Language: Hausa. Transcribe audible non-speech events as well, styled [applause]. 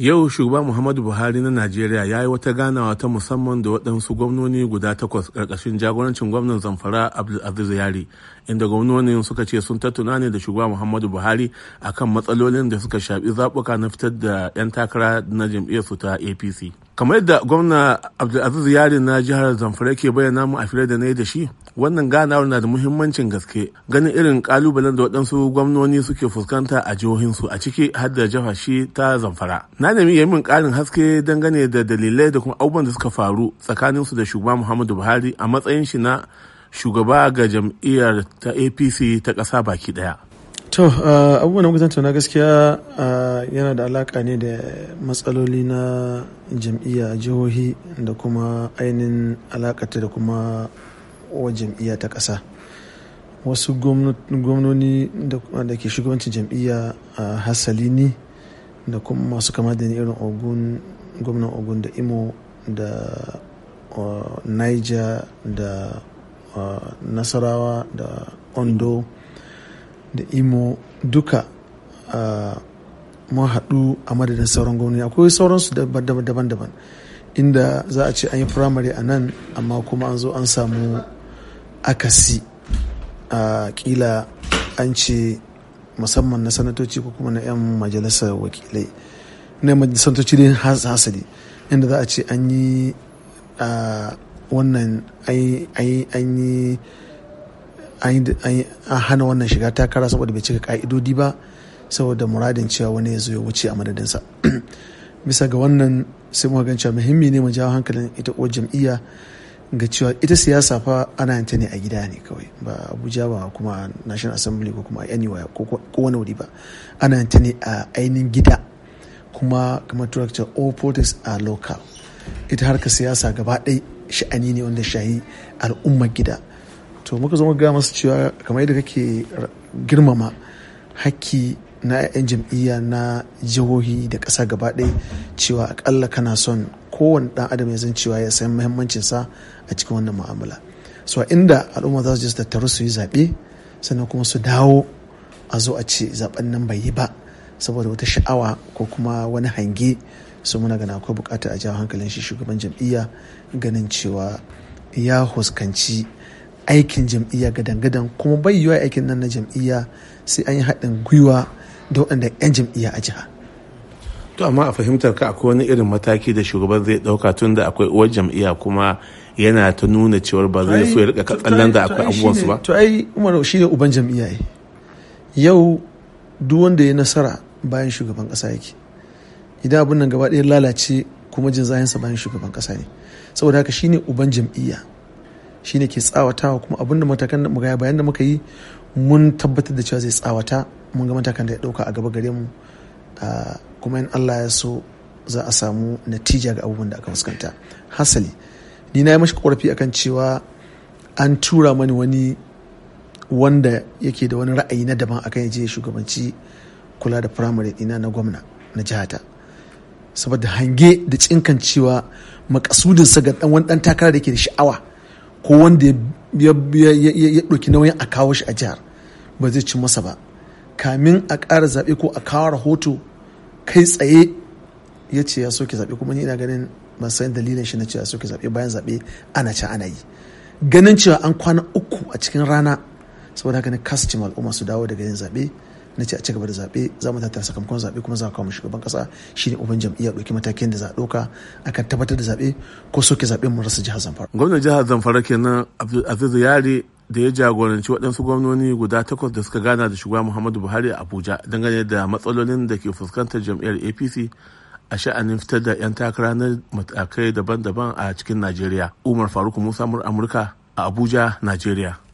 Yau shugaba Muhammadu Buhari na Najeriya ya yi wata ganawa ta musamman da waɗansu gwamnoni guda takwas ƙarƙashin jagorancin gwamnan Zamfara Abdulaziz Yari, inda gwamnonin suka ce sun tattuna ne da shugaba Muhammadu Buhari akan matsalolin da suka shafi zaɓuka na fitar da 'yan takara na jam'iyyarsu ta APC. kamar yadda gwamna abdulaziz yari na jihar zamfara ke bayyana mu a fira da na yi da shi wannan ganawar na da muhimmancin gaske ganin irin kalubalen da waɗansu gwamnoni suke fuskanta a jihohinsu a ciki har da jihar shi ta zamfara na nemi yi min karin haske dangane da dalilai da kuma abubuwan da suka faru tsakanin su da shugaba muhammadu buhari a matsayin shi na shugaba ga jam'iyyar ta apc ta ƙasa baki ɗaya to uh, abubuwan da muka na gaskiya uh, yana da alaka ne da matsaloli na jam'iyya jihohi da kuma ainihin alakata da kuma wa jam'iyya ta ƙasa wasu gwamnoni da ke shugabanci jam'iyya a uh, hasali ne da kuma masu kama da irin ogun gwamnan ogun da imo da niger da nasarawa da ondo da imo duka mun haɗu a madadin sauran gwamnati akwai sauransu daban-daban inda za a ce an yi firamare a nan amma kuma an zo an samu akasi a kila an ce musamman na sanatoci ko kuma na 'yan majalisar wakilai na sanatoci ne hasali inda za a ce an yi wannan an yi an hana wannan shiga takara saboda bai cika ka'idodi ba saboda muradin cewa wani ya zo ya wuce a madadinsa [clears throat] bisa ga wannan sai muka gan cewa muhimmi ne mu jawo hankalin ita uwar jam'iyya ga cewa ita siyasa fa ana yanta ne a gida ne kawai ba abuja ba kuma national assembly ko kuma anywhere ko wani wuri ba ana yanta ne a ainihin gida kuma kamar turakta all politics are local ita harkar siyasa gaba ɗaya sha'ani ne wanda shayi al'ummar gida to muka zama ga masu cewa kamar yadda kake girmama haƙƙi na 'ya'yan jam'iyya na jihohi da ƙasa gaba ɗaya cewa akalla kana son kowane ɗan adam ya zan cewa ya san muhimmancinsa a cikin wannan mu'amala so inda al'umma za su je su tattaru su yi zaɓe sannan kuma su dawo a zo a ce zaɓen nan bai yi ba saboda wata sha'awa ko kuma wani hange su muna gana akwai bukata a jawo hankalin shi shugaban jam'iyya ganin cewa ya huskanci aikin jam'iyya gadan-gadan kuma bai yiwa aikin nan na jam'iyya sai an yi haɗin gwiwa da waɗanda 'yan jam'iyya a jiha. to amma a fahimtar ka akwai wani irin mataki da shugaban zai ɗauka tun da akwai uwar jam'iyya kuma yana ta nuna cewar ba zai so ya rika katsallan da akwai abubuwan su ba. to ai umar shi ne uban jam'iyya yau duk wanda ya nasara bayan shugaban ƙasa yake idan abin nan gaba ɗaya lalace kuma jin bayan shugaban ƙasa ne saboda haka shi ne uban jam'iyya shine ke tsawatawa kuma abinda matakan mu muka bayan da muka yi mun tabbatar da cewa zai tsawata mun ga matakan da ya dauka a gaba gare mu kuma in Allah ya so za a samu natija ga abubuwan da aka fuskanta hasali ni na yi mashi korafi akan cewa an tura mani wani wanda yake da wani ra'ayi na daban akan yaje shugabanci kula da firamare ina na gwamna na jihata saboda hange da cinkancewa cewa makasudin sa ga dan wani dan takara da ke da sha'awa ko wanda ya ɗauki nauyin a kawo shi a jihar ba zai ci masa ba kamin a ƙara zaɓe ko a kawo rahoto kai tsaye ya ce ya soke zaɓe kuma ni ina ganin ban san dalilin shi na ce ya soke zaɓe bayan zaɓe ana ci ana yi ganin cewa an kwana uku a cikin rana saboda ganin ne al'umma su dawo daga yin zaɓe na ce a cigaba da zaɓe za mu tattara sakamakon zaɓe kuma za mu kawo shugaban ƙasa shine uban jam'iyya ɗauki matakin da za a ɗauka kan tabbatar da zaɓe ko soke zaɓe mu rasa jihar zamfara. gwamnan jihar zamfara kenan aziz yari da ya jagoranci waɗansu gwamnoni guda takwas da suka gana da shugaba muhammadu buhari a abuja dangane da matsalolin da ke fuskantar jam'iyyar apc a sha'anin fitar da 'yan takara na matakai daban-daban a cikin najeriya umar faruk musa amurka a abuja najeriya